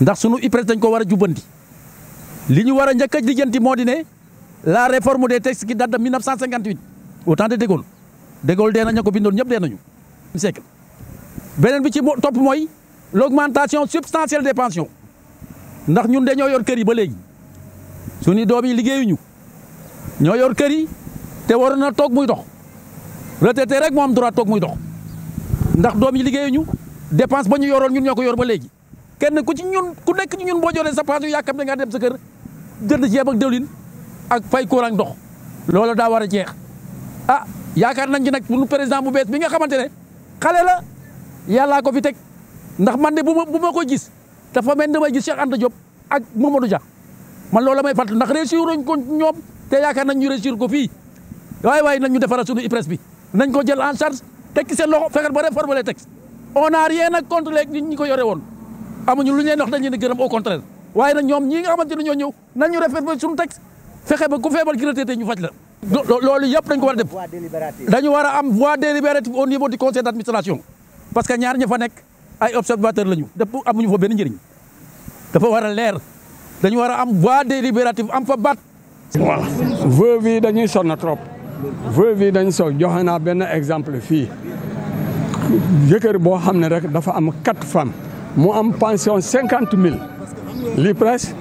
ndax sunu IPRES dañ ko war a jubbanti li ñu war a njëkk a lijjanti moo di ne la réforme des textes qui date de 1958 au temps de De Gaulle De Gaulle dee na ko bindoon ñëpp dee nañu siècle beneen bi ci topp mooy l' augmentation substantielle des pensions ndax ñun dañoo yor kër yi ba léegi suñu doom yi liggéeyuñu ñoo yor kër yi te waroon na toog muy dox retraité rek moo am droit toog muy dox ndax doom yi liggéeyuñu dépense ba ñu yoroon ñun ñoo ko yor ba léegi. kenn ku ci ñun ku nekk ci ñun boo joxee sa paas yu yàkkam ne nga dem sa kër jënd ceeb ak diwlin ak fay courant ndox loolu daa war a jeex ah yaakaar nañ ci nag bu président bu bees bi nga xamante ne xale la yàllaa ko fi teg ndax man de bu ma bu ma ko gis dafa mel damay gis Cheikh Anta Diop ak Mamadou Dia man loolu may fàttali ndax réussir nañ ko ñoom te yaakaar nañ ñu réussir ko fii waaye waaye nañ ñu defaral suñu IPRES bi nañ ko jël en charge tekki seen loxo fexeel ba réformer les textes on n'a rien à contre nit ñi ko yore woon. amuñu lu ñu leen wax dañu leen gërëm au contraire waaye na ñoom ñi nga xamante ne ñoo ñëw nañu rafetlu suñu texte fexe ba ku feebar gratité ñu faj la. loolu yëpp dañ ko war a def dañu war a am voix délibérative au niveau du conseil d' parce que ñaar ña fa nekk ay observateur la ñu def amuñu fa benn njëriñ dafa war a leer dañu war a am voix délibérative am fa baat. voilà veuve yi dañuy sonn trop veuve yi dañ so joxe naa benn exemple fii jëkkër boo xam ne rek dafa am quatre femmes. mu am pension cinquante mille l'IPRES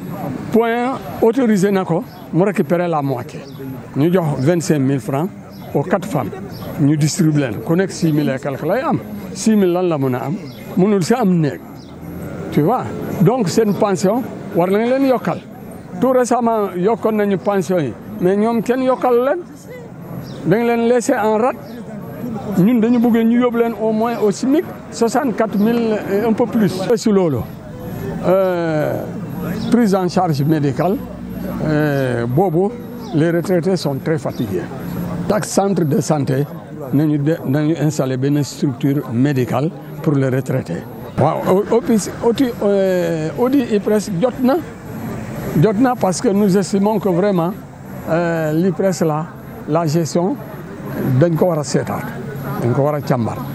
point autorisé na ko mu récupérer la moitié ñu jox vingt cinq mille francs aux quatre femmes ñu distribué leen ku nekk six mille et am six mille lan la mën a am mënul sa am néeg tu vois donc seen pension war nañ leen yokkal tout récemment yokkoon nañu pension yi mais ñoom kenn yokkal leen dañ leen laissé en rade ñun dañu bëgg ñu yóbbu leen au moins au SMIC soixante quatre mille et un peu plus. si loolu euh, prise en charge médicale euh, boobu les retraités sont très fatigués. chaque centre de santé nañu de nañu installé benn structure médical pour les retraités. waaw OPIS ODI ODI IPRES jot na jot na parce que nous estimons que vraiment euh, l'IPRES là la gestion. dañ ko war a seetaat dañ ko war a càmbar